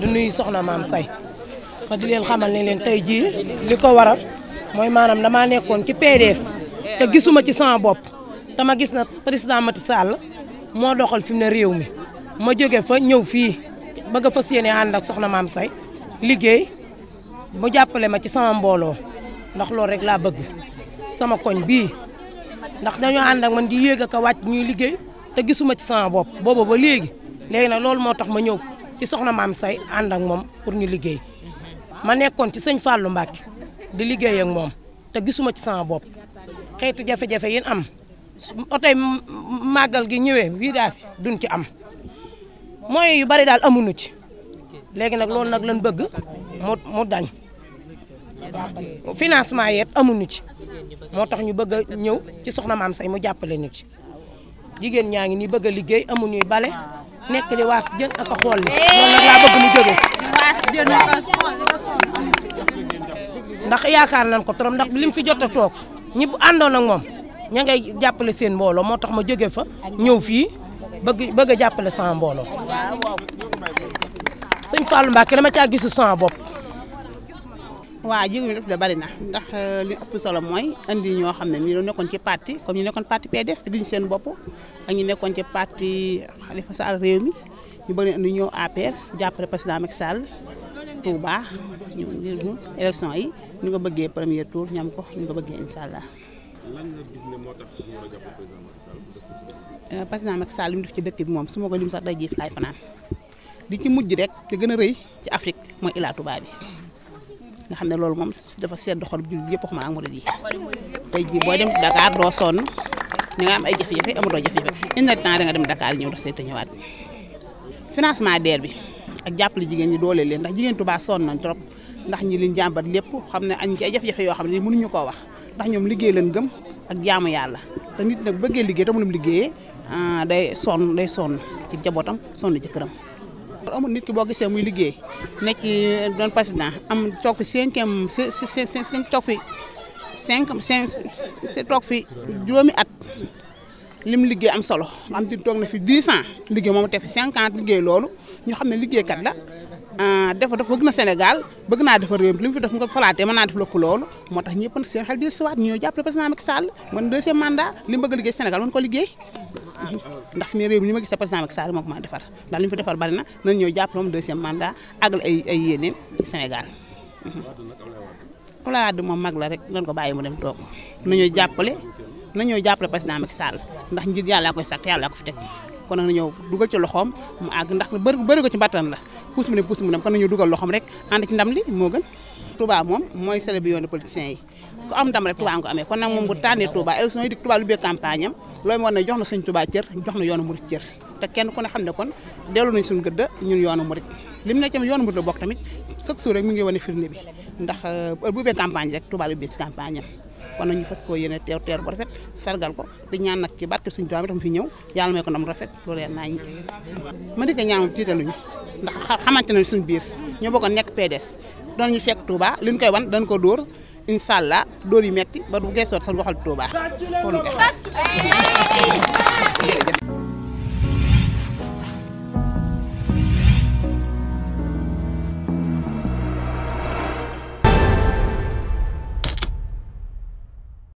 du nuyu soxna maam say ma di leen xamal ne leen tey jii li ko waral mooy maanaam damaa nekkoon ci PDS te gisuma ci sama bopp te ma gis na président Macky Sall moo doxal fi mu ne réew mi ma jóge fa ñëw fii bëgg a fas yéene ànd ak soxna maam say liggéey mu jàppale ma ci sama mbooloo ndax loolu rek laa bëgg sama koñ bii ndax dañoo ànd ak man di yéeg ak a ñuy liggéey te gisuma ci sama bopp booba ba léegi léegi nag loolu ma ci soxna maam say and ak mom pour ñu liggéey ma nekkon ci seigne Fallou Mbacke di liggéey ak mom te gisuma ci sama bop xeytu jafe-jafe yeen am otay magal gi wi daasi duñ ci am moy yu bari daal amuñu ci légui nak lool nak lañ bëgg mo mo dañ financement yépp amuñu ci moo tax ñu bëgg ñëw ci soxna maam say mu jappalé ñu ci jigen ñaa ni bëgg liggéey bale nekk di waas jën ak a xool li eh. loolu nag laa bëgg mu jóge jën ak a ndax yaakaar nañ ko trop ndax lim fi jot a toog ñi bu àndoon ak moom ña ngay jàppale seen mbooloo moo tax ma jóge fa ñëw fii bëgg bëgg a jàppale sama mbooloo sëñ Fallou Mbacke ma caa gisu sama bopp waaw jéego bi def da bari na ndax euh, li ëpp solo mooy indi ñoo xam ne ñu nekkoon ci parti comme ñu nekkoon parti PDS te duñ seen bopp ak ñu nekkoon ci parti Khalifa Sall réew mi ñu bëri indi ñëw APR jàppale président Macky Sall bu baax ñu ngir élection yi ñu ko bëggee premier tour ñam ko ñu ko bëggee incha lan nga gis ne moo ñu président Macky Sall. Euh, def ci bi ma ko lim sax day ci mujj rek te ci Afrique Ila Touba bi. nga xam ne loolu moom dafa sedd xol bi yëpp waxuma ak murid yi tey jii boo dem Dakar doo sonn ni nga am ay jafe-jafe amatoo jafe-jafe indi temps da dem Dakar ñëw da see te ñëwaat financement DER bi ak jàppale jigéen ñi dooleel leen ndax jigéen Touba sonn nañ trop ndax ñi leen jàmbat lépp xam ne añ ci ay jafe-jafe yoo xam ne mënuñu koo wax ndax ñoom liggéey leen gëm ak jaamu yàlla te nit nag bëggee liggéey te mënum liggéeyee ah, day sonn day sonn ci jabootam sonn ci këram amul nit ki boo gisee muy liggéey nekk ci doon président am toog fi cinquième si si si fi cinq cinq si toog fi juróomi at lim liggéey am solo am ci toog na fi dix ans liggéey moom te fi cinquante liggéey loolu ñu xam ne liggéeykat la ah, dafa dafa bëgg na Sénégal bëgg naa defar réew mi li mu fi def nga falaatee mën naa def lépp loolu moo tax ñëpp nag seen xel di siwaat ñu ñëw jàppale président Macky Sall man deuxième mandat li mu bëgg liggéey Sénégal mën ko liggéey ndax fi mu réew mi ni ma gisee président Macky Sall moo ko mën a defar ndax li fi defar bari na nañ ñëw jàppale moom ay ay yéeneem ci Sénégal. Abdoulaye mag la rek nañ ko bàyyi mu dem toog nañoo jàppale nañoo jàppale président Macky Sall ndax njiit yàlla koy sàkk yàlla ko fi teg kon nag ñëw dugal ci loxoom mu àgg ndax bëri bëri ko ci mbattan la puus mu ne puus mu ne kon nañu dugal loxoom rek ànd ci ndam li moo gën tubaa moom mooy sele bi yoonu politiciens yi ku am ndam rek Touba nga amee kon nag moom bu tànnee Touba élection yi dik lu bee campagne am loolu moo ne jox na sëñ Touba cër jox na yoonu murit kenn ku ne xam ne kon dellu nañ suñu gëdd ñun yoonu murit lim ne ci yoonu murit la bokk tamit chaque jour rek mi ngi wane firnde bi ndax euh, heure bu bee campagne rek Touba lu bee ci campagne am kon nag ñu fas koo yéene teew teer bu rafet sargal ko di ñaan nag ci barke suñ Touba mi tam fi ñëw yàlla ma ko ndam rafet loolu leen naa ñi ma di ko ñaan tiitaluñu ndax xamante nañ suñu biir ñoo bokk nekk PDS danañu fekk Touba li ñu koy wan dañ ko dóor incha allah dóor yi metti ba du geesoot sax waxal Touba kon